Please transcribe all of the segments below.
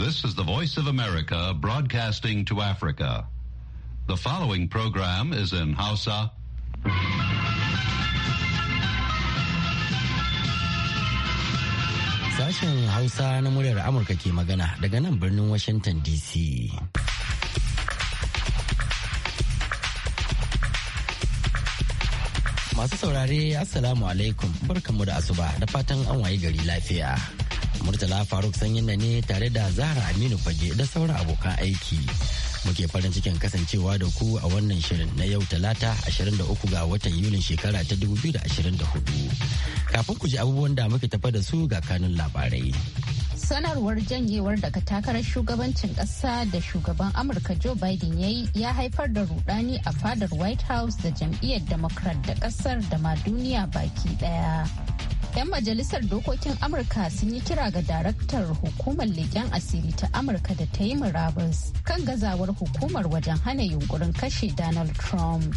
This is the Voice of America broadcasting to Africa. The following program is in Hausa. Sashen Hausa na muryar Amurka ke magana daga nan birnin Washington DC. Masu saurare, Assalamu alaikum, barkanmu da asuba da fatan an waye gari lafiya. Murtala Faruk sanyin na ne tare da Zahra Aminu Fage da sauran abokan aiki. Muke farin cikin kasancewa da ku a wannan shirin na yau talata 23 ga watan Yulin shekara ta 2024. Kafin ku ji abubuwan da muke tafa da su ga kanun labarai. sanarwar janyewar daga takarar shugabancin ƙasa da shugaban amurka joe biden ya ya haifar da rudani a fadar white house da jam'iyyar democrat da ƙasar da ma duniya baki daya 'Yan majalisar dokokin Amurka sun yi kira ga daraktar hukumar leƙen asiri ta Amurka da ta yi murabus kan gazawar hukumar wajen hana yunkurin kashe Donald Trump.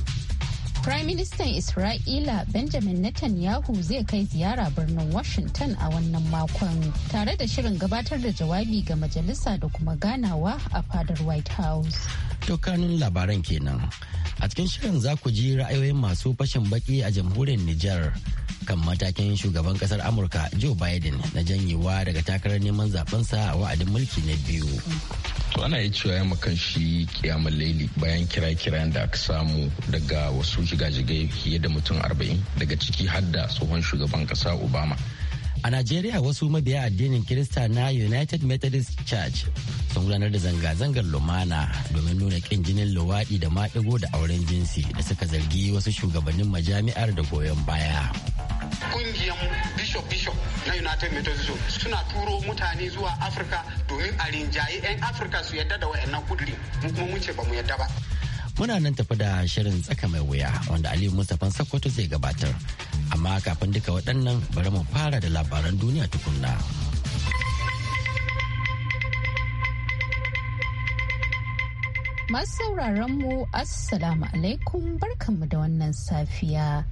Prime Ministan Isra'ila Benjamin Netanyahu zai kai ziyara birnin Washington a wannan makon tare da shirin gabatar da jawabi ga majalisa da kuma ganawa a fadar White House. To kanun labaran kenan. A cikin shirin za ku ji ra'ayoyin masu fashin baki a jamhuriyar Nijar kan matakin shugaban kasar amurka joe biden na janyewa daga takarar neman zabensa a wa'adin mulki na biyu to ana yi cewa ya makan shi kiyamar laili bayan kira-kiran da aka samu daga wasu jigajigai fiye da mutum 40 daga ciki har da tsohon shugaban kasa obama a najeriya wasu mabiya addinin kirista na united methodist church sun gudanar da zanga-zangar lumana domin nuna kin jinin luwaɗi da maɗigo da auren jinsi da suka zargi wasu shugabannin majami'ar da goyon baya kungiyar bishop bishop na united methodist suna turo mutane zuwa afirka domin a rinjaye 'yan afirka su yadda da wayannan kudiri mu kuma mun ce ba mu yadda ba muna nan tafi da shirin tsaka mai wuya wanda aliyu mustapha sokoto zai gabatar amma kafin duka waɗannan bari mu fara da labaran duniya tukunna masu sauraron mu assalamu alaikum barkanmu da wannan safiya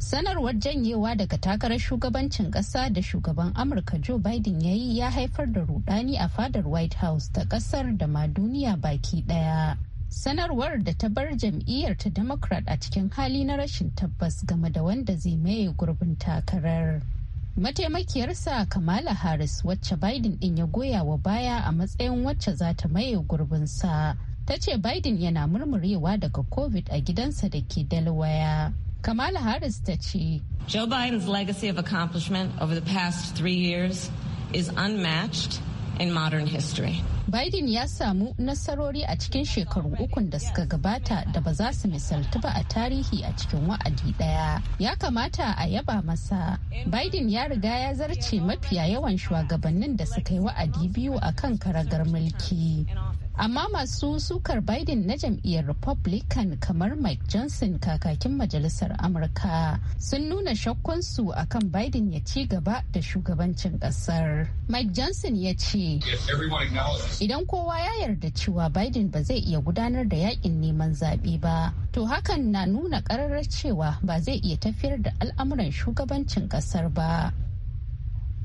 sanarwar janyewa daga takarar shugabancin ƙasa da shugaban amurka joe biden ya yi ya haifar da rudani a fadar white house ta ƙasar da ma duniya baki ɗaya sanarwar da ta bar jam'iyyar ta democrat a cikin hali na rashin tabbas game da wanda zai maye gurbin takarar mataimakiyarsa kamala harris wacce biden din ya goya wa baya a matsayin wacce za ta maye gurbinsa ta ce biden yana murmurewa daga covid a gidansa da ke delaware Kamala Harris ta ce. Joe Biden's legacy of accomplishment over the past three years is unmatched in modern history. Biden ya samu nasarori a cikin shekaru ukun da suka gabata da ba za su misaltu ba a tarihi a cikin wa'adi daya. Ya kamata a yaba masa. Biden ya riga ya zarce mafiya yawan shugabannin da suka yi wa'adi biyu a kan karagar mulki. amma masu sukar biden na jam'iyyar republican kamar mike johnson kakakin majalisar amurka sun nuna shakkunsu akan biden ya ci gaba da shugabancin kasar mike johnson ya ce idan kowa ya yarda cewa biden ba zai iya gudanar da yakin neman zaɓe ba to hakan na nuna ƙararrar cewa ba zai iya tafiyar da al'amuran shugabancin ƙasar ba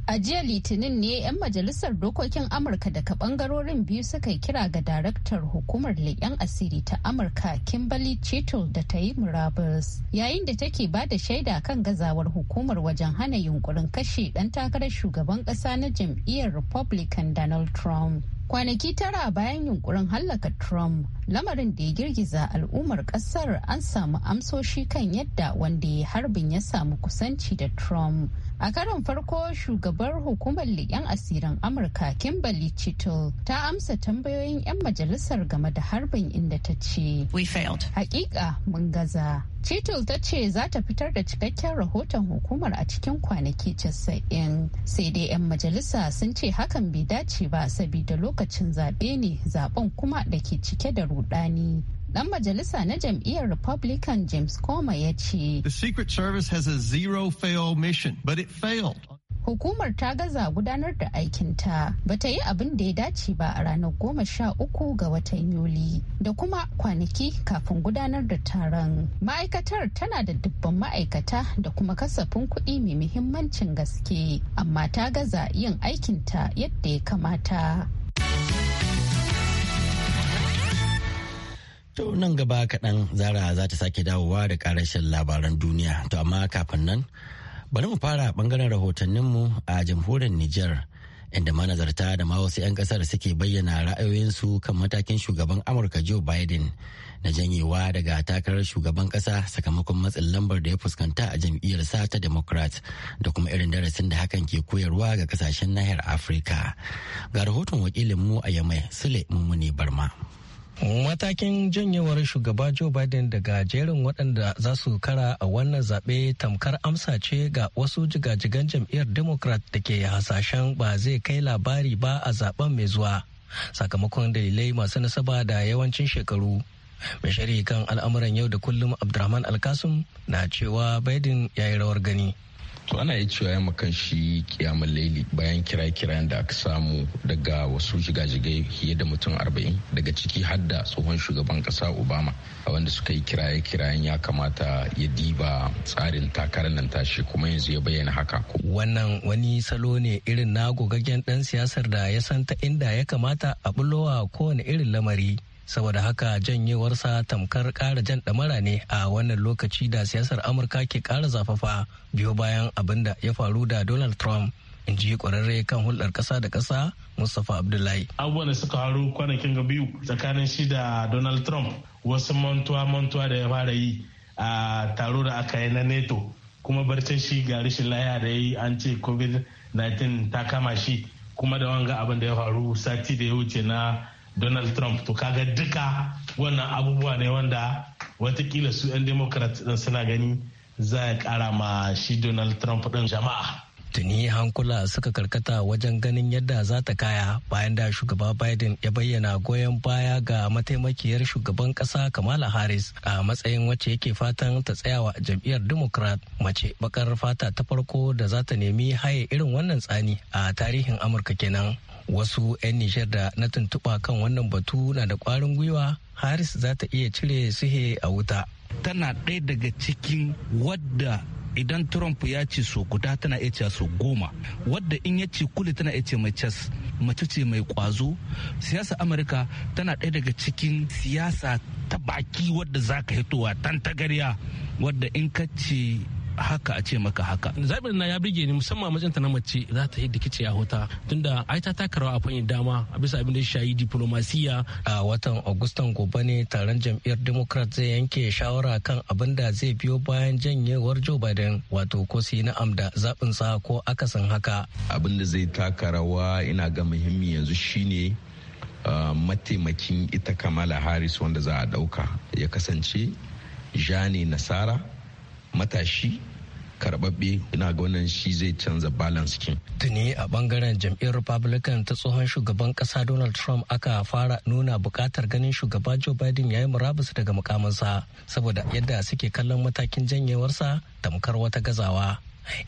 A jiya Litinin ne 'yan majalisar dokokin Amurka daga bangarorin biyu suka yi kira ga daraktar hukumar leƙen asiri ta Amurka Kimberly Chittle da ta yi murabus yayin da take ba da shaida kan gazawar hukumar wajen hana yunkurin kashe ɗan takarar shugaban ƙasa na jam'iyyar Republican Donald Trump. kwanaki tara bayan yunkurin hallaka trump lamarin da ya girgiza al'ummar ƙasar an samu amsoshi kan yadda wanda ya harbin ya samu kusanci da trump A karon farko shugabar hukumar leƙen asirin Amurka Kimberly Chittle ta amsa tambayoyin 'yan majalisar game da harbin inda ta ce, We failed. Hakika mun gaza. Chittle ta ce za ta fitar da cikakken rahoton hukumar a cikin kwanaki casa'in sai dai 'yan majalisa sun ce hakan bai dace ba sabida lokacin zaɓe ne zaɓen kuma da ke cike da rudani. Dan majalisa na jam'iyyar Republican James Comer ya ce. The Secret Service has a zero fail mission, but it failed. hukumar ta gaza gudanar da aikinta ba ta yi abin da ya dace ba a ranar goma sha uku ga watan yuli da kuma kwanaki kafin gudanar da taron ma'aikatar tana da dubban ma'aikata da kuma kasafin kuɗi mai muhimmancin gaske amma ta gaza yin aikinta yadda ya kamata To nan gaba kaɗan zara za ta sake dawowa da ƙarashin labaran duniya. To amma kafin nan bari mu fara ɓangaren rahotanninmu a jamhuriyar Nijar inda manazarta da ma wasu 'yan ƙasar suke bayyana ra'ayoyinsu kan matakin shugaban Amurka Joe Biden na janyewa daga takarar shugaban ƙasa sakamakon matsin lambar da ya fuskanta a jam'iyyar sata ta Democrat da kuma irin darasin da hakan ke koyarwa ga ƙasashen nahiyar Afirka. Ga rahoton wakilinmu a Yamai Sule Mummuni Barma. Matakin janyewar shugaba Joe Biden daga jerin waɗanda za su kara a wannan zaɓe tamkar amsa ce ga wasu jigajigan jam'iyyar Democrat da ke hasashen ba zai kai labari ba a zaben mai zuwa sakamakon dalilai masu nasaba da yawancin shekaru. Mai shari'a kan al'amuran yau da kullum Abdurrahman Alkasum na cewa Biden ya yi rawar gani. to ana iya cewa ya kan shi kiyamun laili bayan kira-kiran da aka samu daga wasu shiga jigai fiye da mutum arba'in daga ciki har da tsohon shugaban kasa obama a wanda suka yi kiraye-kirayen ya kamata ya diba tsarin takarar nan tashi kuma yanzu ya bayyana haka wannan wani salo ne irin na gogaggen dan siyasar da ya san ta inda ya kamata a bulowa kowane irin lamari saboda haka janyewarsa tamkar kara jan ɗamara ne a wannan lokaci da siyasar amurka ke kara zafafa biyo bayan abin da ya faru da donald trump in ji kwararre kan hulɗar ƙasa da ƙasa mustapha abdullahi abubuwan da suka haru kwanakin ga biyu tsakanin shi da donald trump wasu mantuwa mantuwa da ya fara yi a taro da aka yi na neto kuma barcin shi ga rashin laya da ya yi an ce covid-19 ta kama shi kuma da wanga abin da ya faru sati da ya wuce na donald trump to kaga duka wannan abubuwa ne wanda watakila su 'yan democrat din suna gani za ya kara ma shi donald trump din jama'a tuni hankula suka karkata wajen ganin yadda za ta kaya bayan da shugaba biden ya bayyana goyon baya ga mataimakiyar shugaban kasa kamala harris a matsayin wacce yake fatan ta tsayawa jam'iyyar democrat mace bakar fata ta farko da za ta nemi haye irin wannan tsani a tarihin amurka kenan wasu 'yan nishar da na tuntuɓa kan wannan batu na da ƙwarin gwiwa haris za ta iya cire suhe a wuta tana ɗaya daga cikin wadda idan trump ya ce so guda tana iya cewa so goma wadda in ya ce kuli tana iya ce mai cas mace ce mai kwazo siyasa amurka tana ɗaya daga cikin siyasa ta baki wadda za ka hitowa tantagarya wadda in ka ce haka a ce maka haka zaɓin na ya birge ni musamman matsayin ta na mace za ta yi kice a hota tunda ai ta taka rawa a fannin dama a bisa abin da ya shayi diplomasiya a watan agustan gobe ne taron jam'iyyar democrat zai yanke shawara kan abin da zai biyo bayan janyewar joe biden wato ko su yi na'am da zaɓin sa ko akasin haka abin da zai taka rawa ina ga muhimmi yanzu shine mataimakin ita kamala harris wanda za a ɗauka ya kasance jani nasara matashi karbabbe ina ga wannan shi zai canza balance kin. Tuni a bangaren jam'iyyar Republican ta tsohon shugaban kasa Donald Trump aka fara nuna bukatar ganin shugaba Joe Biden yayi murabus daga mukaminsa saboda yadda suke kallon matakin janyewarsa tamkar wata gazawa.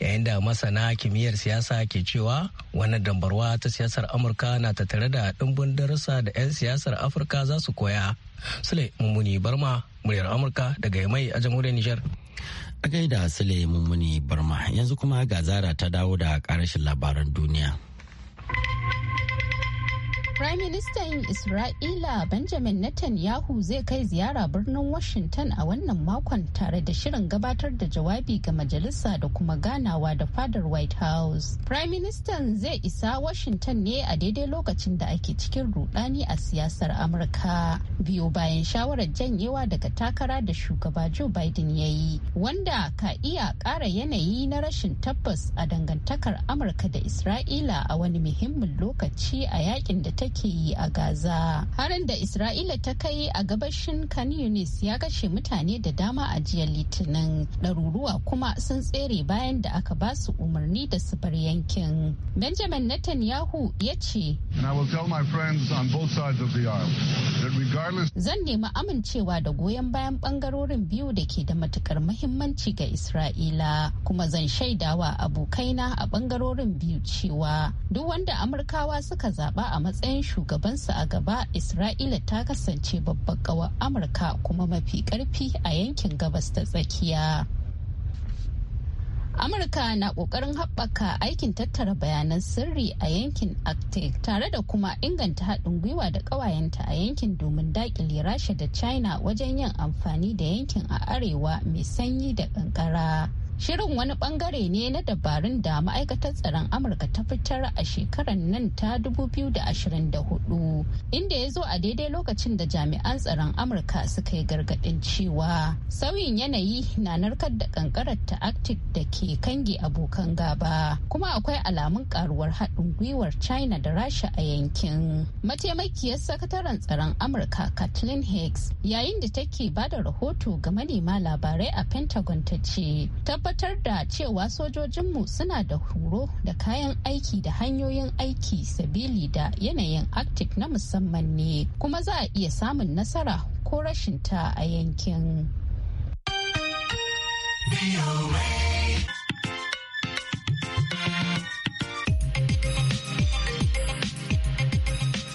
yayin da masana kimiyyar siyasa ke cewa wannan dambarwa ta siyasar amurka na tattare da dimbin darussa da 'yan siyasar afirka za su koya sule mummuni barma muryar amurka daga mai a jamhuriyar nijar A gaida Sule Mummuni Barma yanzu kuma ga zara ta dawo da karashin labaran duniya. Prime Ministan Isra'ila Benjamin Netanyahu zai kai ziyara birnin Washington a wannan makon tare da shirin gabatar da jawabi ga majalisa da kuma ganawa da fadar White House. Prime Ministan zai isa Washington ne a daidai lokacin da ake cikin rudani a siyasar Amurka. Biyo bayan shawarar janyewa daga takara da shugaba Joe Biden ya yi, wanda ka iya ƙara yanayi na rashin tabbas a dangantakar Amurka da Isra'ila a wani muhimmin lokaci a yakin da ta take yi a Gaza. Harin da Isra'ila ta kai a gabashin Khan ya kashe mutane da dama a jiya Litinin. Ɗaruruwa kuma sun tsere bayan da aka ba su umarni da su bar yankin. Benjamin Netanyahu ya ce, And my friends on both sides Zan nemi amincewa da goyon bayan bangarorin biyu da ke da matukar muhimmanci ga Isra'ila kuma zan shaidawa abokaina a bangarorin biyu cewa duk wanda Amurkawa suka zaba a matsayin shugabansu a gaba Isra'ila ta kasance babbar kawar Amurka kuma mafi karfi a yankin gabas ta tsakiya. amurka na kokarin haɓaka aikin tattara bayanan sirri a yankin arctic tare da kuma inganta haɗin gwiwa da ƙawayenta a yankin domin daƙile rasha da china wajen yin amfani da yankin a arewa mai sanyi da ƙanƙara Shirin wani bangare ne na dabarun da ma'aikatar tsaron Amurka ta fitar a shekarar nan ta 2024 inda ya zo a daidai lokacin da jami'an tsaron Amurka suka yi gargaɗin cewa sauyin yanayi na narkar da kankarar ta Arctic da ke kange abokan gaba kuma akwai alamun karuwar haɗin gwiwar China da Rasha a yankin. Mataimakiyar sakataren tsaron Amurka Kathleen Hicks yayin da take ba da rahoto ga manema labarai a Pentagon ta ce tabbatar da cewa sojojinmu suna da horo da kayan aiki da hanyoyin aiki sabili da yanayin arctic na musamman ne kuma za a iya samun nasara ko rashin ta a yankin.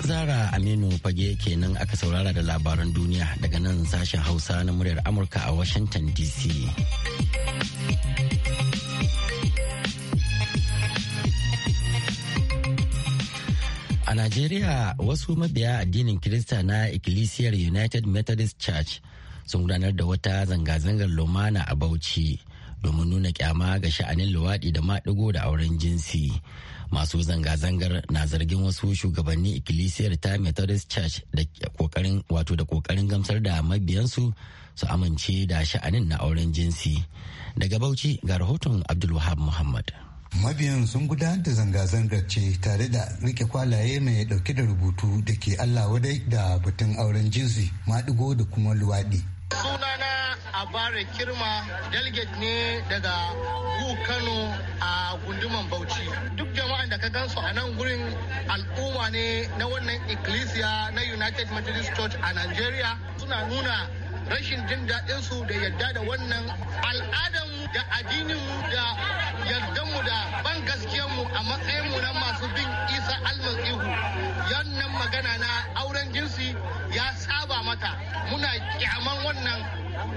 Zara Aminu fage kenan aka saurara da labaran duniya daga nan sashen Hausa na muryar Amurka a Washington DC. A Najeriya wasu mabiya addinin Kirista na Ecclesiar United Methodist Church sun gudanar da wata zanga-zangar lumana a Bauchi domin nuna kyama ga sha'anin luwaɗi da maɗigo da auren jinsi. Masu zanga-zangar na zargin wasu shugabannin Ecclesiar ta Methodist Church wato da kokarin gamsar da mabiyansu su amince da sha'anin na auren jinsi. Daga Bauchi ga rahoton Abdulwahab Muhammad. mabiyan sun gudanar da zanga-zangar ce tare da rike kwalaye mai dauke da rubutu da ke allah wadai da batun auren jinsi maɗigo da kuma luwaɗi sunana abare kirma delegate ne daga gu kano a gunduman bauchi duk jama'an da ka gansu a nan gurin al'umma ne na wannan ikkilisiya na united methodist church a nigeria suna nuna rashin jin daɗinsu da yadda da wannan al'adanmu da addininmu da yardanmu da ban gaskiyarmu a matsayinmu na masu bin isa almasihu yannan magana na auren jinsi ya saba mata muna kyaman wannan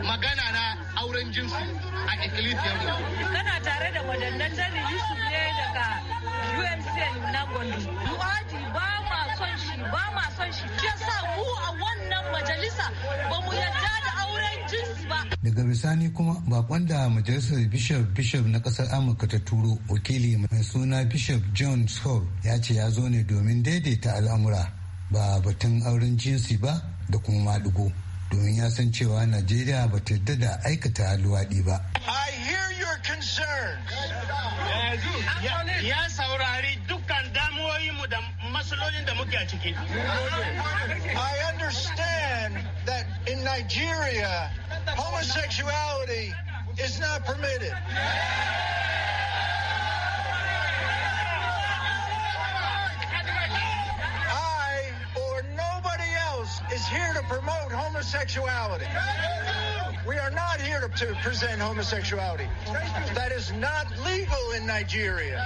magana na auren jinsi a mu. kana tare da wadannan jari yusuf ne daga umcn na gwandu mu'adi ba ma son shi ba ma son shi shi sa mu a wannan majalisa ba mu yadda daga bisani kuma bakon da majalisar bishop bishop na kasar amurka ta turo wakili mai suna bishop john scott ya ce ya zo ne domin daidaita al'amura ba batun auren jinsi ba da kuma maɗigo domin ya san cewa najeriya ba ta yadda da aikata luwaɗi ba ya saurari dukkan damuwoyinmu da masalolin da muke a ciki. I understand that in Nigeria homosexuality is not permitted. I or nobody else is here to promote homosexuality. We are not here to, to present homosexuality. That is not legal in Nigeria.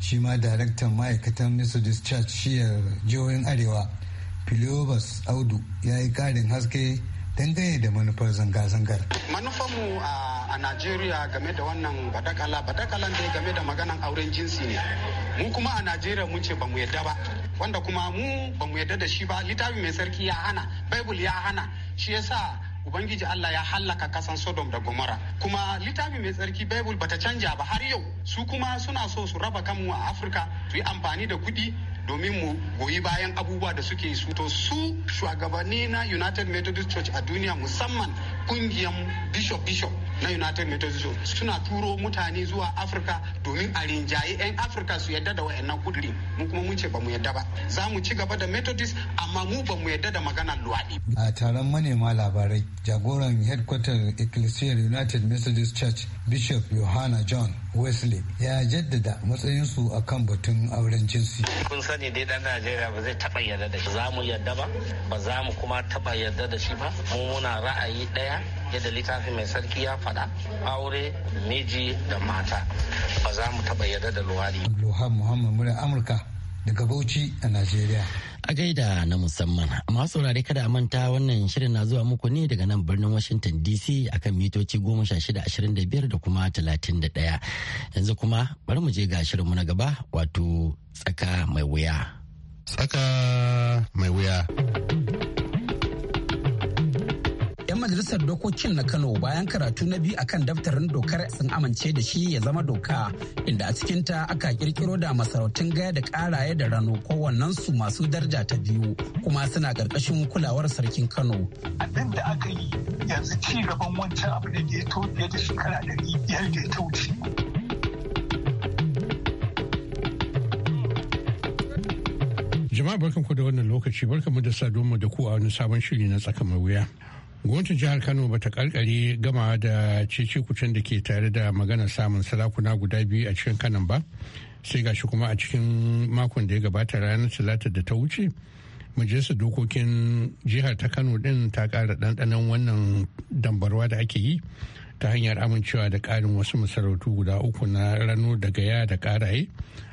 Shi ma daraktan ma'aikatan Methodist Church shiyar jihohin Arewa, Philobus Audu ya yi ƙarin haske dangane da manufar zanga-zangar. Manufarmu a Najeriya game da wannan badakala, badakalan da game da maganan auren jinsi ne. Mu kuma a Najeriya mun ce bamu yadda ba, wanda kuma mu bamu yadda da shi ba, littafi mai sarki ya hana, bible ya hana, shi yasa Ubangiji Allah ya hallaka kasan Sodom da Gomora. Kuma littafi mai tsarki Bible bata canja ba har yau. Su kuma suna so su raba kanmu a Afirka su yi amfani da kuɗi domin mu goyi bayan abubuwa da suke su to su shugabanni na united methodist church a duniya musamman kungiyan bishop bishop na united methodist suna turo mutane zuwa afirka domin a rinjaye 'yan afirka su yadda da wa'annan kudiri mu kuma mun ce ba mu yadda ba za mu ci gaba da methodist amma mu ba mu yadda da maganar luwaɗi. a taron manema labarai jagoran headquarter ecclesiar united methodist church bishop yohana john wesley ya jaddada matsayinsu a kan batun auren jinsi kun sani dai dan najeriya ba zai taɓa yadda da shi za mu yadda ba ba za mu kuma taba yadda da shi ba mu muna ra'ayi daya yadda littafi mai sarki ya faɗa aure miji da mata ba za mu taɓa yarda da luwali. Abdulluhan Muhammad muna Amurka daga Bauchi a Najeriya. A gaida na musamman amma saurari kada a manta wannan shirin na zuwa muku ne daga nan birnin Washington DC akan mitoci goma sha shida ashirin da biyar da kuma talatin da ɗaya. Yanzu kuma bari mu je ga mu na gaba wato tsaka mai wuya. Tsaka mai wuya. 'yan majalisar dokokin na kano bayan karatu na biyu akan daftarin dokar sun amince da shi ya zama doka inda a cikinta aka kirkiro da masarautun gaya da karaye da rano su masu daraja ta biyu kuma suna karkashin kulawar sarkin kano abin da aka yi yanzu ci gaban wancan abu da ya to da shekara ɗari biyar da ta wuce Jama'a barkanku da wannan lokaci barkanmu da sa da ku a wani sabon shiri na tsaka wuya. gwamnatin jihar kano bata karkare gama da cece kucin da ke tare da maganar samun sarakuna guda biyu a cikin kanan ba sai shi kuma a cikin makon da ya gabata ranar talata da ta wuce majalisar dokokin jihar ta kano din ta kara ɗanɗanon wannan dambarwa da ake yi ta hanyar amincewa da karin wasu masarautu guda uku na rano da gaya da ƙaraye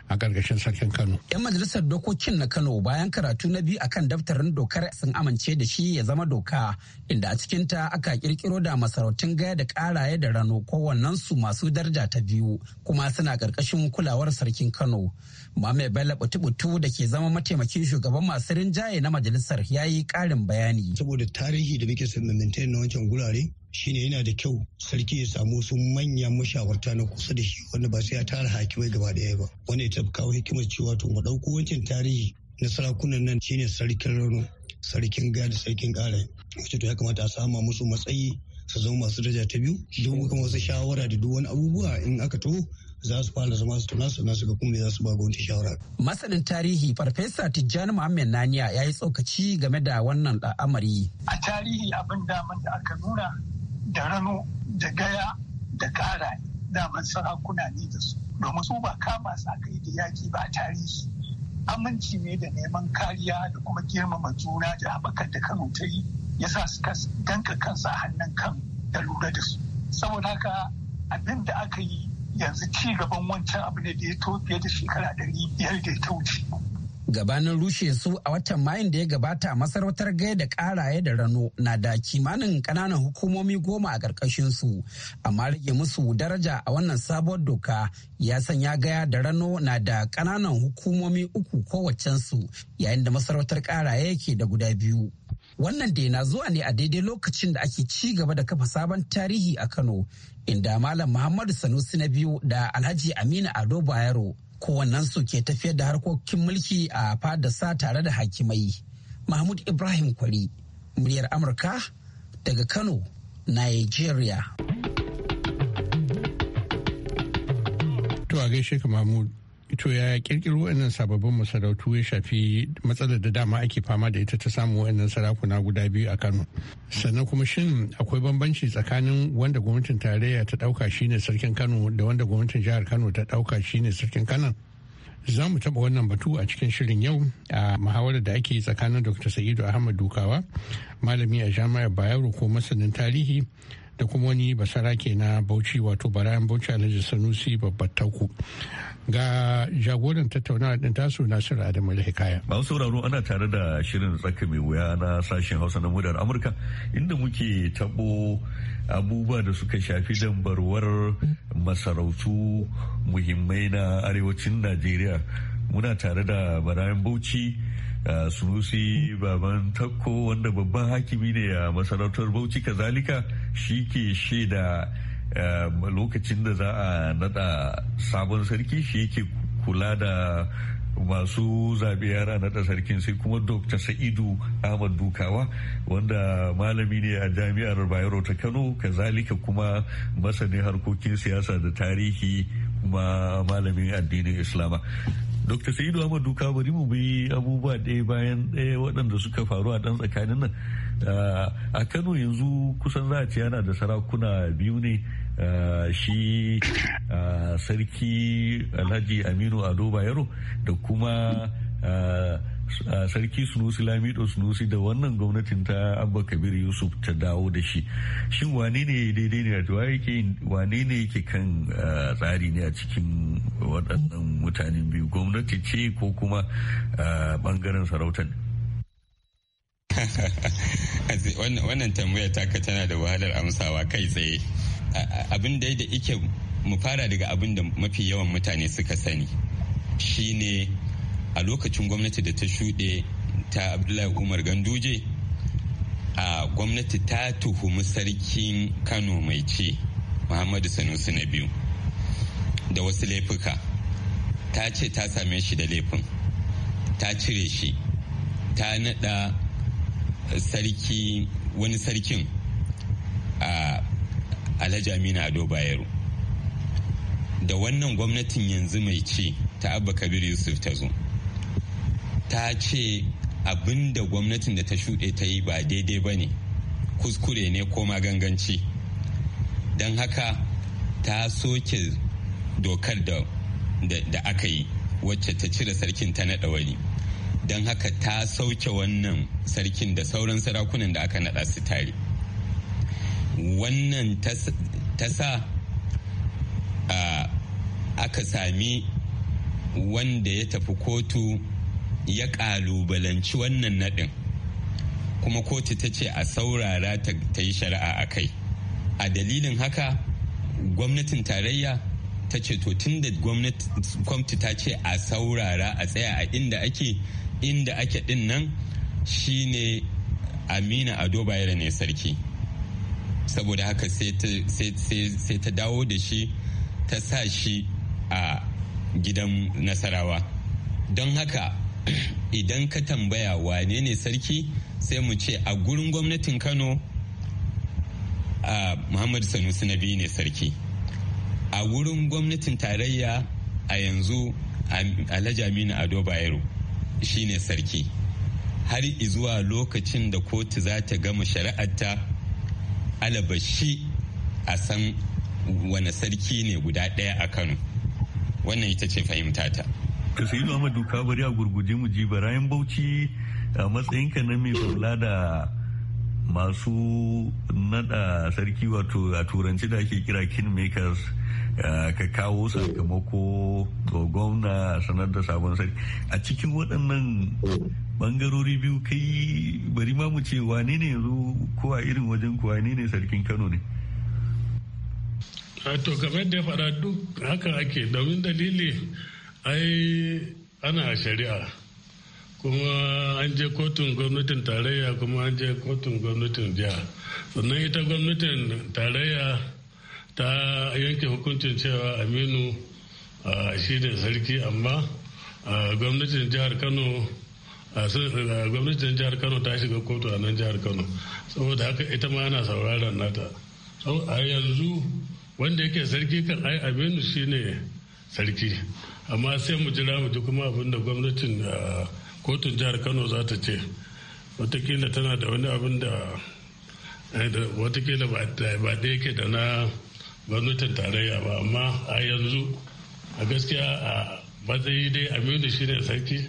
a gargashin sarkin Kano. 'Yan majalisar dokokin na Kano bayan karatu na biyu akan daftarin dokar sun amince da shi ya zama doka inda a cikin ta aka kirkiro da masarautun gaya da karaye da rano kowannen su masu daraja ta biyu kuma suna karkashin kulawar sarkin Kano. Mame Bello butubutu da ke zama mataimakin shugaban masu rinjaye na majalisar ya yi karin bayani. Saboda tarihi da muke sun na wancan gurare shine yana da kyau sarki ya samu wasu manya mashawarta na kusa da shi wanda ba sai ya tara hakimai gaba daya ba wanda ya tafi kawo hikimar cewa to ma ɗauko wancan tarihi na sarakunan nan shine sarkin rano sarkin gadi sarkin ƙara wacce to ya kamata a sama musu matsayi su zama masu daraja ta biyu don kuma wasu shawara da duk wani abubuwa in aka to za su fara zama su tuna sannan su ga kuma za su ba gwamnati shawara. Masanin tarihi Farfesa Tijjani Muhammad Naniya ya yi tsokaci game da wannan al'amari. A tarihi abin daman da aka nuna da rano da gaya da kara daman sarakuna ne da su domin su ba kama sa kai da yaki ba a tarihi aminci ne da neman kariya da kuma girmama juna da haɓakar da kano ta yi ya sa su danka kansa hannun kan da lura da su saboda haka abin da aka yi yanzu ci gaban wancan abu ne da ya to fiye da shekara ɗari biyar da ta wuce gabanin rushe su a watan Mayin da ya gabata masarautar gai da karaye da rano na da kimanin kananan hukumomi goma a ƙarƙashin su amma rage musu daraja a wannan sabuwar doka ya sanya gaya da rano na da kananan hukumomi uku su, yayin da masarautar karaye ke da guda biyu wannan dai na zuwa ne a daidai lokacin da ake ci gaba da kafa sabon tarihi a kano inda malam muhammadu sanusi na biyu da alhaji aminu ado bayero kowannensu ke tafiyar da harkokin mulki a sa tare da hakimai mahmud ibrahim kwari muryar amurka daga kano nigeria Tuwa gaishe ka mahmud to ya kirkiro wannan sababbin masarautu ya shafi matsalar da dama ake fama da ita ta samu wannan sarakuna guda biyu a kano sannan kuma shin akwai bambanci tsakanin wanda gwamnatin tarayya ta dauka shine sarkin kano da wanda gwamnatin jihar kano ta dauka shine sarkin kano za mu taɓa wannan batu a cikin shirin yau a muhawarar da ake tsakanin dr sa'idu ahmad dukawa malami a jami'ar bayero ko masanin tarihi da kuma wani basarake na bauchi wato barayan bauchi alhaji sanusi babbar tauku ga jagoran tattaunawa din tasu nasiru adamu hikaya ba sauraro ana tare da shirin tsaka mai wuya na sashen hausa na Mudar amurka inda muke tabo abubuwa da suka shafi dambarwar masarautu muhimmai na arewacin najeriya muna tare da barayan bauchi sunusi baban takko wanda babban hakimi ne a masarautar bauchi kazalika shi ke shaida Eh, lokacin da za a nada sabon sarki shi yake kula da masu zaɓe yara naɗa sarkin sai kuma dr sa'idu ahmad dukawa wanda malami ne a jami'ar bayero ta kano kazalika kuma masanin harkokin siyasa da tarihi kuma malamin addinin islama dr sa'idu ahmad dukawa bari mu bi abubuwa ɗaya bayan ɗaya waɗanda suka faru a ɗan tsakanin nan a kano yanzu kusan za a ce yana da sarakuna biyu ne shi sarki alhaji aminu ado bayero da kuma sarki sunusi lamido sunusi da wannan gwamnatin ta abba kabir yusuf ta dawo da shi shin wane ne daidai ne a yake wane ne yake kan tsari ne a cikin waɗannan mutanen biyu gwamnati ce ko kuma bangaren sarautar wannan tambayar taka tana da wahalar amsawa kai tsaye abin da da ike mu fara daga abin da mafi yawan mutane suka sani shine a lokacin gwamnati da ta shuɗe ta abdullahi umar ganduje a gwamnati ta tuhumi sarkin kano mai ce muhammadu sanusi na biyu da wasu laifuka ta ce ta same shi da laifin ta cire shi ta naɗa sarki wani sarkin a alhaji amina ado bayero da wannan gwamnatin yanzu mai ce ta abba kabir yusuf ta zo ta ce abin da gwamnatin da ta shuɗe ta yi ba daidai ba ne kuskure ne ko maganganci don haka ta soke dokar da, da aka yi wacce ta cire sarkin ta naɗa wani don haka ta sauke wannan sarkin da sauran sarakunan da aka naɗa su tare wannan ta sa aka sami wanda ya tafi kotu ya ƙalubalanci wannan nadin kuma kotu ta ce a saurara ta yi shari'a a kai a dalilin haka gwamnatin tarayya ta ce to tun da gwamnati ta ce a saurara a tsaya a inda ake inda ake ɗin nan shine amina ado bayero ne sarki saboda haka sai ta dawo da shi ta sa shi a gidan nasarawa don haka idan ka tambaya wane ne sarki sai mu ce a gurin gwamnatin kano a muhammadu sanusi na biyu ne sarki a wurin gwamnatin tarayya a yanzu alhaji aminu ado bayero shine sarki har zuwa lokacin da kotu za ta gama shari'arta alabashi a san wane sarki ne guda ɗaya a kano wannan ita ce fahimtata ka sayi Muhammadu ka bari a gurguje mu ji barayin bauchi a matsayinka na mai kula da masu nada sarki wato a turanci da ake kira kingmakers Eh, ka kawo sakamako ga gwamna sanar da sabon sarki a cikin waɗannan bangarori biyu kai bari ma mu ce wane ne yanzu kowa irin wajen kuwa ne ne sarkin kano ne eh, to kamar da fara duk haka ake domin dalili ai ana shari'a kuma an je kotun gwamnatin tarayya kuma an je kotun gwamnatin jiha sannan ita gwamnatin tarayya ta yanke hukuncin cewa aminu shi ne sarki amma gwamnatin jihar kano ta shiga kotu a nan jihar kano saboda haka ita ma ana sauraron nata a yanzu wanda yake sarki kan ai aminu shi sarki amma sai mu jira mu ji kuma abin da gwamnatin kotun jihar kano za ta ce watakila tana da wani abin da eh, watakila ba da yake da na gwamnatin tarayya ba amma a yanzu a gaskiya a matsayi dai aminu shi ne sarki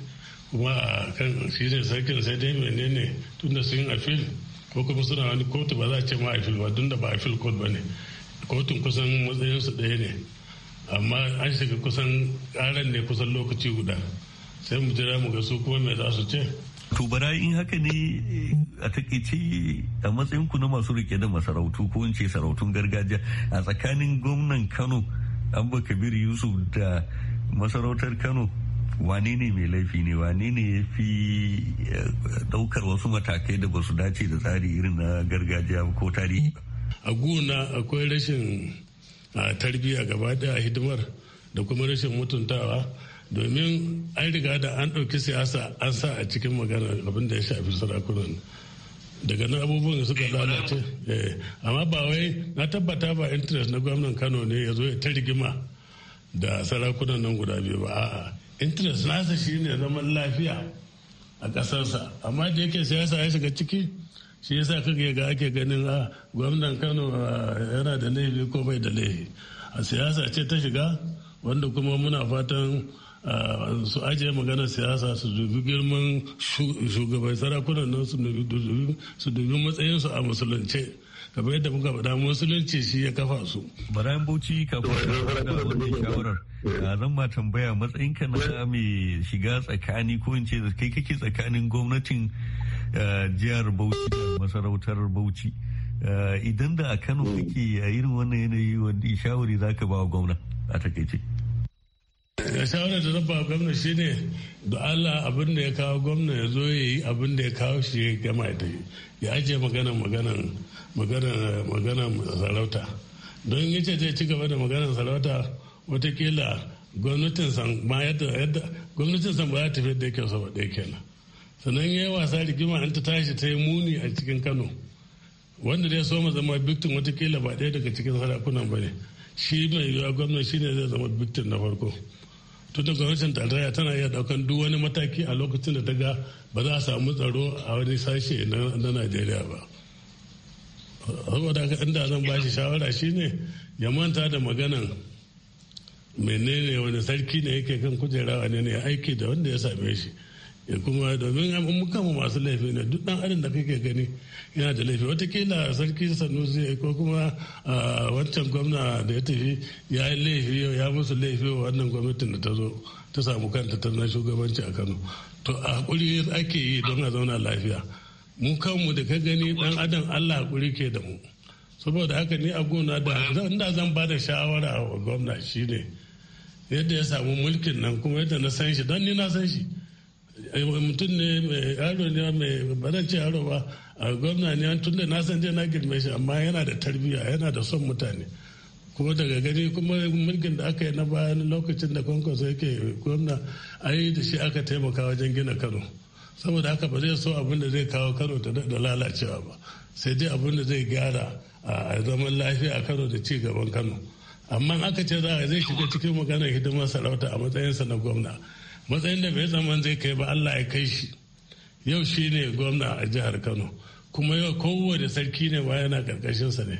kuma a kan shi ne sarkin sai dai menene da sun afil ko kuma suna wani kotu ba za a ce ma afil ba tun da ba afil kot ba ne kotun kusan matsayinsu ɗaya ne amma an shiga kusan ƙaran ne kusan lokaci guda sai mu jira mu ga su kuma me za su ce To bara in haka ne a takaice a matsayin ku na masu rike da masarautu ko in ce sarautun gargajiya a tsakanin gwamnan Kano Abba Kabir Yusuf da masarautar Kano wane ne mai laifi ne wane ne ya fi daukar eh, wasu matakai da basu dace da tsari irin na gargajiya ko tarihi a gona akwai rashin ah, tarbiyya gaba da hidimar da kuma rashin mutuntawa domin an riga da an ɗauki siyasa an sa a cikin magana abin da ya shafi sarakunan daga nan abubuwan suka lalace eh, amma ba wai na tabbata ba interest na gwamnan kano ne ya zo ya ta rigima da sarakunan nan guda biyu ba a'a interest nasa shine zaman lafiya a kasarsa amma da yake siyasa ya shiga ciki shi yasa kake ga ake ganin a ah, gwamnan kano eh, yana da laifi ko bai da laifi a siyasa ce ta shiga wanda kuma muna fatan su ajiye maganar siyasa su dubi girman shugaban sarakunan nan su dubi matsayinsu a musulunci kamar yadda muka faɗa musulunci shi ya kafa su. Bayan Bauchi kafin wannan shawarar zan ma tambaya matsayinka na mai shiga tsakani ko in ce kai kake tsakanin gwamnatin eh, jihar Bauchi da masarautar Bauchi. Eh, idan da a Kano kake a irin wannan yanayi wanda shawari zaka ba wa gwamna a takaice. shawarar da zaba gwamna shine da allah abin da ya kawo gwamna ya zo ya yi abin da ya kawo shi ya gama ya ajiye maganan maganan maganan sarauta don ya ce zai ci gaba da maganan sarauta watakila gwamnatin san ma yadda tafi da yake saboda ɗaya sannan ya yi wasa rigima an ta tashi ta yi muni a cikin kano wanda dai so mu zama biktin watakila ba ɗaya daga cikin sarakunan ba ne shi mai yiwuwa gwamna shine zai zama biktin na farko tun da gwamnatin tarayya tana iya daukan duk wani mataki a lokacin da ta ga ba za a samu tsaro a wani sashe na najeriya ba saboda inda zan ba shi shawara shine ya manta da maganan menene wani sarki ne yake kan kujera wani ne aiki da wanda ya same shi ya kuma domin muka mu masu laifi ne duk dan adam da kake gani yana da laifi wata watakila sarki sanusi ko kuma wancan gwamna da ya tafi ya yi laifi ya musu laifi wa wannan gwamnatin da ta zo ta samu kanta ta na shugabanci a kano to a hakuri ake yi don a zauna lafiya mu kanmu da ka gani dan adam allah hakuri ke da mu saboda haka ni a gona da inda zan ba da shawara wa gwamna shine yadda ya samu mulkin nan kuma yadda na san shi don ni na san shi mutum ne mai yaro ne mai bada ce yaro ba a gwamna ne tun da na je na girme shi amma yana da tarbiyya yana da son mutane kuma daga gani kuma mulkin da aka yi na bayan lokacin da kwankwaso yake gwamna yi da shi aka taimaka wajen gina kano saboda haka ba zai so abin da zai kawo kano ta da lalacewa ba sai dai abin da zai gyara a zaman lafiya a kano da ci gaban kano amma aka ce za a zai shiga cikin maganar hidimar sarauta a matsayinsa na gwamna matsayin da bai zama zai kai ba allah ya kai shi yau shi ne gwamna a jihar kano kuma yau kowane sarki ne ba yana karkashinsa ne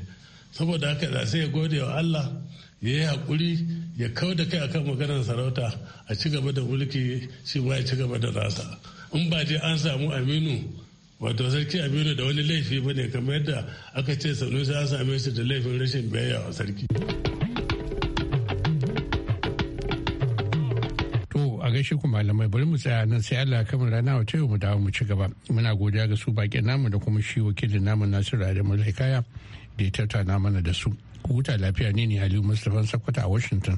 saboda haka da sai ya gode wa allah ya yi haƙuri ya kawo da kai akan maganar sarauta a ci gaba da mulki shi ma ya ci gaba da nasa in ba je an samu aminu wato sarki aminu da wani laifi ba ne kamar yadda aka ce sanusi an same shi da laifin rashin biyayya wa sarki. shi kuma malamai bari mu tsaya nan sai Allah kamar rana wata yau mu dawo mu ci gaba. Muna godiya ga su bakin namu da kuma shi wakilin namu Nasiru Adamu Laikaya da ya tattauna mana da su. Huta lafiya ne ne Aliyu Mustapha Sakwata a Washington.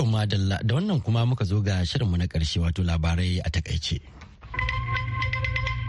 Umma da wannan kuma muka zo ga shirinmu na karshe wato labarai a takaice.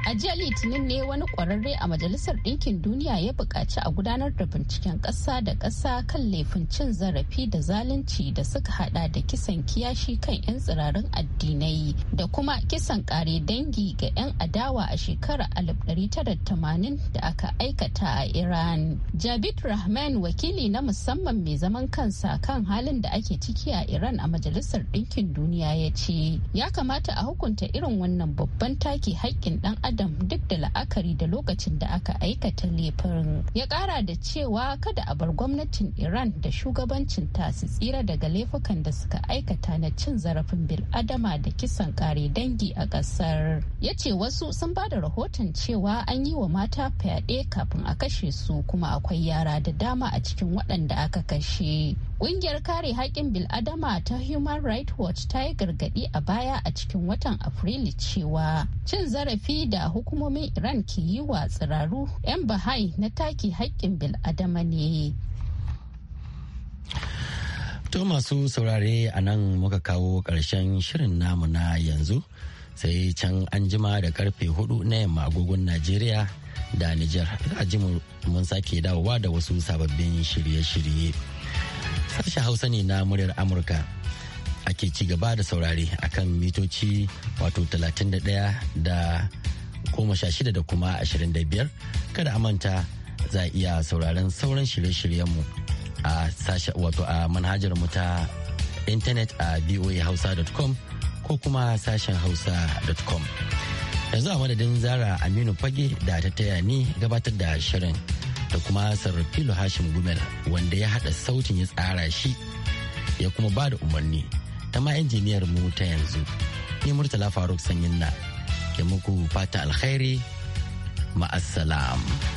A jiya Litinin ne wani kwararre a Majalisar Ɗinkin Duniya ya buƙaci a gudanar da binciken ƙasa da ƙasa kan laifin cin zarafi da zalunci da suka haɗa da kisan kiyashi kan 'yan tsirarin addinai da kuma kisan ƙare dangi ga 'yan adawa a shekarar 1980 da aka aikata a Iran. Jabit Rahman wakili na musamman mai zaman kansa kan halin da ake ciki a Iran a Majalisar Ɗinkin Duniya ya ce ya kamata a hukunta irin wannan babban take haƙƙin ɗan adam adam duk da la'akari da lokacin da aka aikata laifin ya kara da cewa kada a bar gwamnatin iran da shugabancin ta su tsira daga laifukan da suka aikata na cin zarafin bil-adama da kisan kare dangi a kasar ya ce wasu sun ba da rahoton cewa an yi wa mata fyaɗe kafin a kashe su kuma akwai yara da dama a cikin waɗanda aka kashe Ƙungiyar kare haƙƙin bil'adama ta Human Rights Watch ta yi gargaɗi a baya a cikin watan Afrilu cewa cin zarafi da a hukumomin iran ke yi wa tsiraru 'yan bahai na taki haƙƙin bil'adama ne To masu saurare a nan muka kawo ƙarshen shirin namu na yanzu sai can an jima da karfe hudu na yamma agogon Najeriya da Nijar za ji mun sake dawowa da wasu sababbin shirye-shirye. sashen Hausa ne na muryar Amurka ake ci gaba da saurare akan mitoci wato 31 da goma sha shida da kuma ashirin da biyar kada a manta za a iya sauraron sauran shirye-shiryenmu a sashe wato a manhajar mu ta intanet a voahausa.com ko kuma sashen hausa.com yanzu a madadin zara aminu fage da ta taya ni gabatar da shirin da kuma sarrafilo hashim gumel wanda ya hada sautin ya tsara shi ya kuma ba da umarni ta ma injiniyar mu ta yanzu ni murtala faruk sanyin na ke muku fata alkhairi ma'assalam.